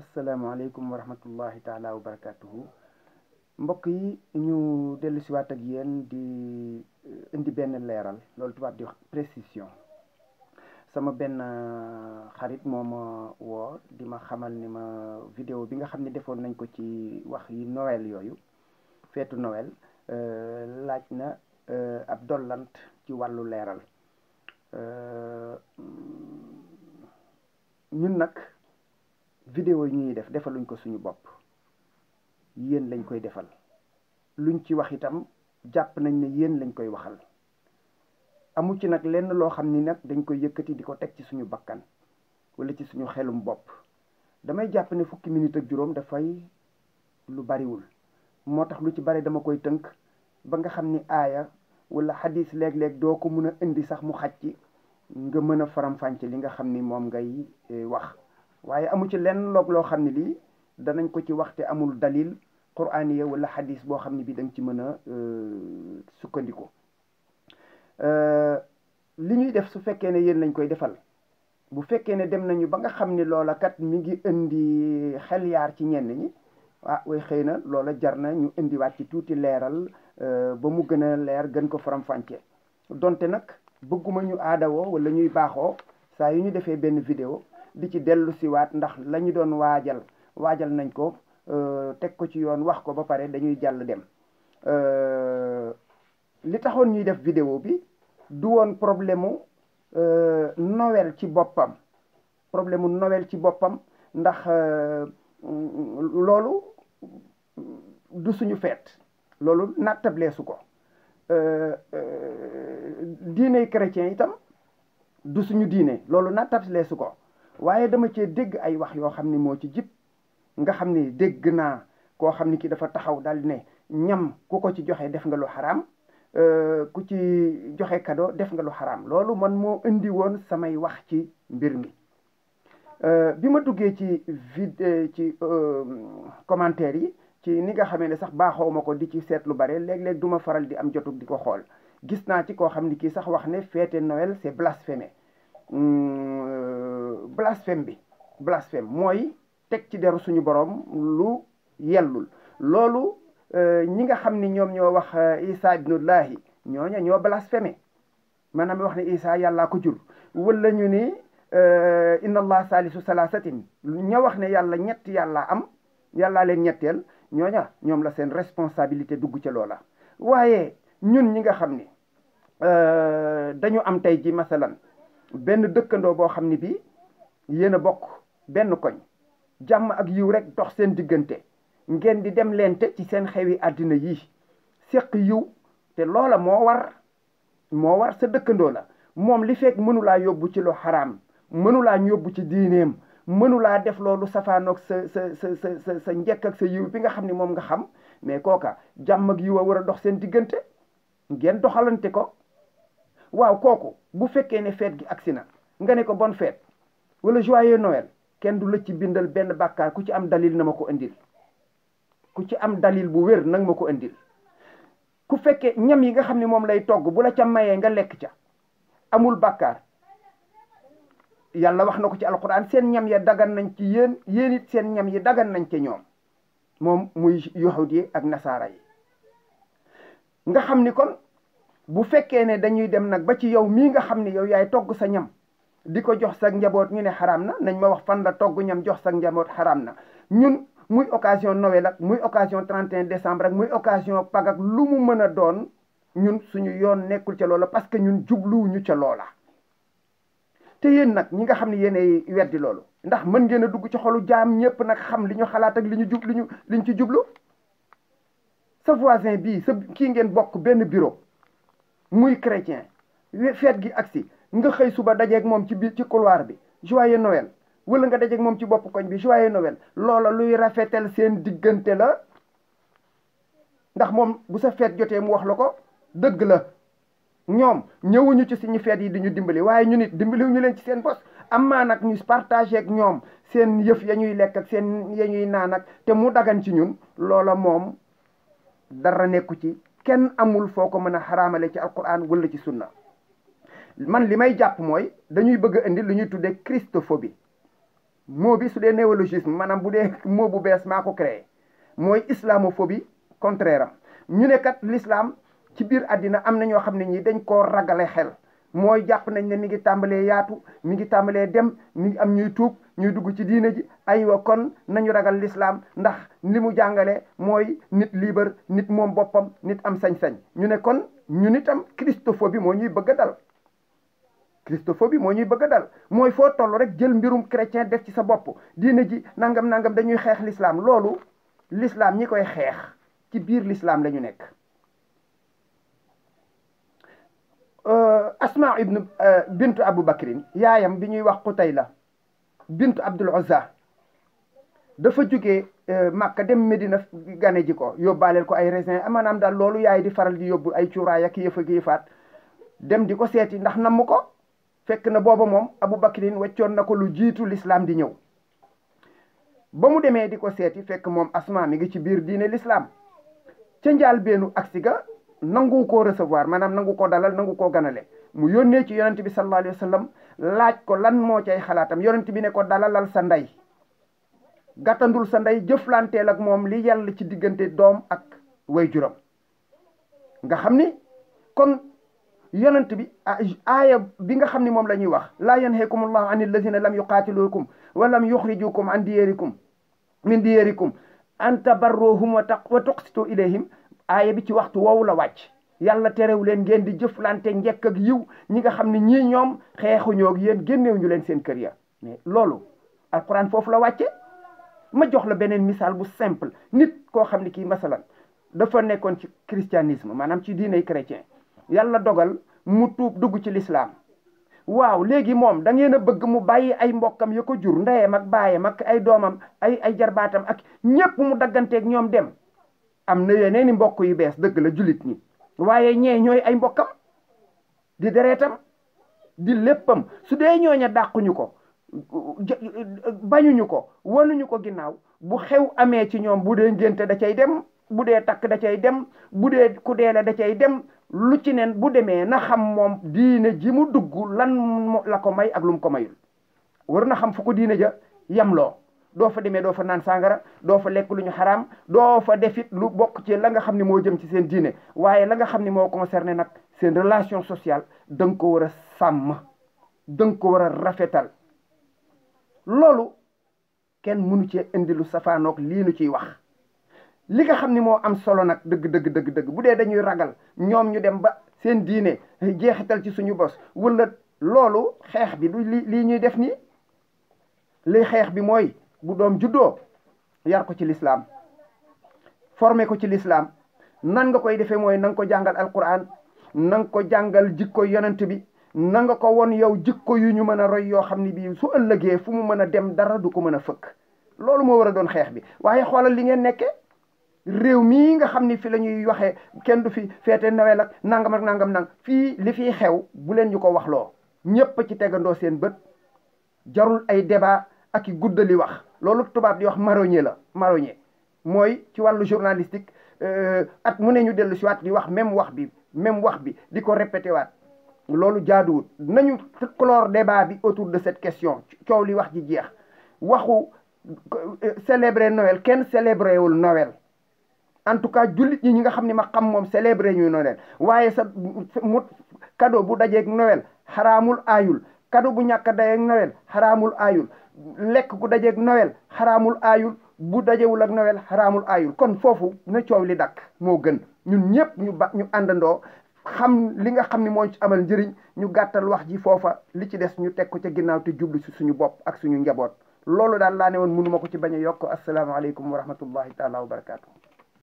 asalaamaaleykum wa rahmatullahi taala wa barakatuhu mbokk yi ñu dellu siwaat ak yéen di eh, indi benn leeral loolu tubaab di wax précision sama benn eh, xarit moo ma woo di ma xamal ni ma vidéo bi nga xam ne defoon nañ ko ci wax yi nowel yooyu feetu nowel eh, laaj na ab dollant ci wàllu leeral mm, ñun nag vidéo yi ñuy def defaluñ ko suñu bopp yéen lañ koy defal luñ ci wax itam jàpp nañ ne yéen lañ koy waxal amu ci nag lenn loo xam ni nag dañ koy yëkkati di ko teg ci suñu bakkan wala ci suñu xelum bopp damay jàpp ne fukki minute ak juróom dafay lu bariwul moo tax lu ci bari dama koy tënk ba nga xam ni aaya wala xadis léeg-léeg doo ko mun a indi sax mu xaj ci nga mën a faramfànce li nga xam ni moom ngay eh, wax waaye amu ci lenn loog loo xam ne lii danañ ko ci waxte amul daliil dalil quraaniya wala xadiis boo xam ne bii danga ci mën a euh, sukkandiku euh, li ñuy def su fekkee ne yéen lañ koy defal bu fekkee ne dem nañu ba nga xam ne loola kat mi ngi indi xel yaar ci ñenn ñi ah way xëy na loola jar na ñu indiwaat ci tuuti leeral euh, ba mu gën a leer gën ko faram donte nag bëgguma ñu aadawoo wala ñuy baaxoo saa yu ñu defee benn vidéo di ci dellu siwaat ndax la doon waajal waajal nañ ko euh, teg ko ci yoon wax ko ba pare dañuy jàll dem euh, li taxoon ñuy def vidéo bi du woon problème mu euh, Noël ci boppam problème mu Noël ci boppam ndax loolu du suñu feet loolu nattableesu ko diine chrétien itam du suñu diine loolu nattableesu ko waaye dama cee dégg ay wax yoo xam ni moo ci jib nga xam ni dégg naa koo xam ni ki dafa taxaw daal ne ñam ku ko ci joxe def nga lu xaraam euh, ku ci joxe kado def nga lu xaraam loolu man moo indi woon samay wax ci mbir mi euh, bi ma duggee ci vid euh, ci commentaire yi ci ni nga xamee ne sax baaxoo ma ko di ci seet lu bare léeg-léeg du faral di am jotug di ko xool gis naa ci koo xam ni kii sax wax ne fête Noël c'est blasphémé blasphème bi blasphème mooy teg ci deru suñu borom lu yellul loolu euh, ñi nga xam ni ñoom ñoo wax euh, Isa ibnullahi ñooña ñoo blasphémé maanaam wax ne Isa yàllaa ko jur wala ñu ni euh, inna allah salisu salasatin ña wax ne yàlla ñett yàlla am yàlla leen ñetteel ñooña ñoom la seen responsabilité dugg ca loola waaye ñun ñi nga xam ni dañu am tey ji masalan benn dëkkandoo boo xam ni bii yéen a bokk benn koñ jàmm ak yiw rek dox seen diggante ngeen di dem lente ci seen xewi àddina yi séq yiw te loola moo war moo war sa dëkkandoo la moom li fekk mënulaa yóbbu ci lu xaraam mënulaa yóbbu ci diineem mënulaa def loolu safaanoog sa sa sa sa njëkk ak sa yiw bi nga xam ni moom nga xam mais kooka jàmm ak yiw a war a dox seen diggante ngeen doxalante ko waaw kooku bu fekkee ne feet gi agsi na nga ne ko bon fête wala joyeux nowel kenn du la ci bindal benn bàkkaar ku ci am dalil na ma ko indil ku ci am dalil bu wér nag ma ko indil ku fekke ñam yi nga xam ne moom lay togg bu la ca mayee nga lekk ca amul bàkkaar yàlla wax na ko ci alxuraan seen ñam ya dagan nañ ci yéen yéen seen ñam yi dagan nañ ci ñoom moom muy yahud yi ak nasaara yi nga xam ni kon bu fekkee ne dañuy dem nag ba ci yow mii nga xam ni yow yaay togg sa ñam di ko jox sa njaboot ñu ne xaraam na nañ ma wax fan la togg ñam jox sa njaboot xaraam na ñun muy occasion Noël ak muy occasion 31 décembre ak muy occasion Pâques ak lu mu mën a doon ñun suñu yoon nekkul ca loola parce que ñun jubluwuñu ca loola. te yéen nag ñi nga xam ne yéenay weddi loolu ndax mën ngeen a dugg ci xolu jaam ñëpp nag xam li ñu xalaat ak li ñu jub ñu li ci jublu sa voisin bii sa kii ngeen bokk benn bureau muy chrétien feet gi agsi nga xëy suba dajeek moom ci biir ci couloir bi joyeux Noël wala nga dajeeg moom ci bopp koñ bi joyeux Noël loola luy rafetal seen diggante la ndax moom bu sa feet jotee mu wax la ko dëgg la ñoom ñëwuñu ci ñu feet yi di ñu dimbali waaye ñu nit dimbaliwuñu leen ci seen bos amaa nag ñu partagé ak ñoom seen yëf ya ñuy lekk ak seen ya ñuy naan ak te mu dagan ci ñun loola moom dara nekku ci kenn amul foo ko mën a xaraamale ci alquran la ci sunna man li may jàpp mooy dañuy bëgg a indi lu ñuy tuddee christophobie moo bi su dee néologisme maanaam bu dee moo bu bees maa ko créé mooy islamophobie contraire am ñu ne kat l'islam ci biir àddina am na ñoo xam ne ñi dañ koo ragale xel mooy jàpp nañ ne mi ngi tàmbalee yaatu mi ngi tàmbalee dem mi ngi am ñuy tuub ñuy dugg ci diine ji aywa kon nañu ragal lislaam ndax li mu jàngale mooy nit libre nit moom boppam nit am sañ-sañ ñu ne kon ñu nitam christophobie moo ñuy bëgg a dal christophobie moo ñuy bëgg a dal mooy foo toll rek jël mbirum chrétien def ci sa bopp diine ji nangam nangam dañuy xeex lislaam loolu lislaam ñi koy xeex ci biir lislaam la ñu nekk euh, asma ibnu euh, bintu abou bakrin yaayam bi ñuy wax Qutayla bintu abdul uzza dafa jógee euh, Makka dem Medina gane ji ko yóbbaaleel ko ay raisin maanaam daal loolu yaay di faral di yóbbu ay cuuraay ak yëfa gi yëfaat dem di ko seeti ndax namm ko fekk na booba moom abu Aboubacrine weccoon na ko lu jiitu lislaam di ñëw ba mu demee di ko seeti fekk moom asmaan mi ngi ci biir diine lislaam ca njaal beenu agsi ga nangu ko recevoir manaam nangu ko dalal nangu koo ganale mu yónnee ci yonent bi sallallahu alayhi wa sallam laaj ko lan moo cay xalaatam yonent bi ne ko dalalal sa ndey gàttandul sa nday jëflanteel ak moom li yàlla ci diggante doom ak way juram nga xam ni kon yonent bi aaya bi nga xam ne moom la ñuy wax laa yanhaakum allahu an alladina lam yuqaatilukum wa lam yuxrijukum an diyarikum min diyarikum an tabarruhum wa tuqsitu ilayhim aaya bi ci waxtu woowu la wàcc yàlla terew leen ngeen di jëflante njekk ak yiw ñi nga xam ne ñii ñoom xeexuñoo ak yéen génneew ñu leen seen kër ya mais loolu alquran foofu la wàcce ma jox la beneen misaal bu simple nit koo xam ne kii masalan dafa nekkoon ci christianisme maanaam ci diiney chrétien yàlla dogal mu tuub dugg ci lislaam waaw léegi moom da ngeen a bëgg mu bàyyi ay mbokkam ya ko jur ndayee mag baayam mag ay doomam ay ay jarbaatam ak ñépp mu dagganteeg ñoom dem am na yeneen i mbokk yu bees dëgg la jullit ñi waaye ñee ñooy ay mbokkam di dereetam di léppam su dee ñooña dàquñu ko bañuñu ko wanuñu ko ginnaaw bu xew amee ci ñoom bu dee ngénte da cay dem bu dee takk da cay dem bu dee ku deele da cay dem lu ci nen bu demee na xam moom diine ji mu dugg lan la ko may ak lu mu ko mayul war na xam fu ko diine ja yamloo doo fa demee doo fa naan sàngara doo fa lekk lu ñu xaraam doo fa defit lu bokk ci la nga xam ni moo jëm ci seen diine waaye la nga xam ni moo concerné nag seen relation sociale da nga ko war a sàmm da ko war a rafetal loolu kenn mënu cee indi lu safaanoog lii nu ciy wax li nga xam ni moo am solo nag dëgg dëgg dëgg bu dee dañuy ragal ñoom ñu dem ba seen diine jeexital ci suñu bos wala loolu xeex bi li lii ñuy def nii li xeex bi mooy bu doom juddoo yar ko ci lislaam formé ko ci lislaam nan nga koy defee mooy na ko jàngal al na nga ko jàngal jikko yonent bi na nga ko won yow jikko yu ñu mën a roy yoo xam ne bii su ëllëgee fu mu mën a dem dara du ko mën a fëkk loolu moo war a doon xeex bi waaye xoolal li ngeen réew mii nga xam ni fi la ñuy waxee kenn du fi feete Noël ak nangam ak nangam nang fii li fiy xew bu leen ñu ko wax loo ñépp ci tegandoo seen bët jarul ay débat ak i guddali wax loolu tubaab di wax marronnier la marronnier mooy ci wàllu journalistique euh, at mu ne ñu dellu si di wax même wax bi même wax bi di ko répété waat loolu jaaduwul nañu clore débat bi autour de cette question coow li wax ji jeex waxu euh, célébrer Noël kenn célébrer wul en tout cas jullit ñi ñi nga xam ne ma xam moom célébré ñu Noël waaye sa mu cadeau bu dajeeg Noël xaraamul ayul kado bu ñàkk a dajeeg Noël xaraamul aayul lekk gu dajeeg Noël xaraamul aayul bu dajewul ak Noël xaraamul aayul kon foofu na coow li dakk moo gën ñun ñëpp ñu ba ñu àndandoo xam li nga xam ni moo ci amal njëriñ ñu gàttal wax ji foofa li ci des ñu teg ko ca ginnaaw te jublu si suñu bopp ak suñu njaboot loolu daal laa ne woon mënuma ko ci bañ a yokk asalaamaaleykum wa rahmatullahi taala wa